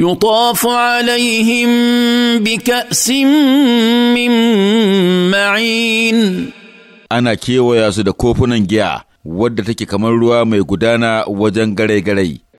يطاف عليهم بكأس من معين ana kewaya su da kofunan giya wadda take kamar ruwa mai gudana wajen gare-gare